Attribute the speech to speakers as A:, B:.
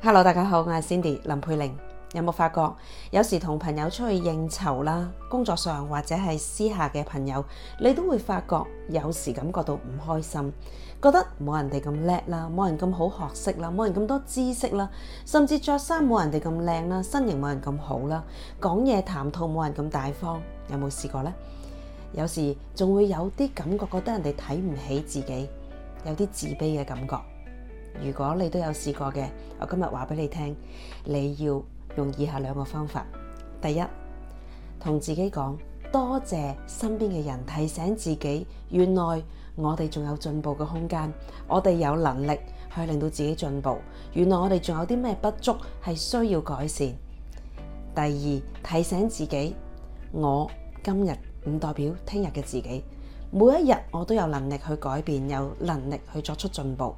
A: Hello，大家好，我係 Cindy 林佩玲。有冇發覺有時同朋友出去應酬啦，工作上或者係私下嘅朋友，你都會發覺有時感覺到唔開心，覺得冇人哋咁叻啦，冇人咁好學識啦，冇人咁多知識啦，甚至着衫冇人哋咁靚啦，身形冇人咁好啦，講嘢談吐冇人咁大方，有冇試過呢？有時仲會有啲感覺，覺得人哋睇唔起自己，有啲自卑嘅感覺。如果你都有試過嘅，我今日話畀你聽，你要用以下兩個方法。第一，同自己講多謝身邊嘅人提醒自己，原來我哋仲有進步嘅空間，我哋有能力去令到自己進步。原來我哋仲有啲咩不足係需要改善。第二，提醒自己，我今日唔代表聽日嘅自己，每一日我都有能力去改變，有能力去作出進步。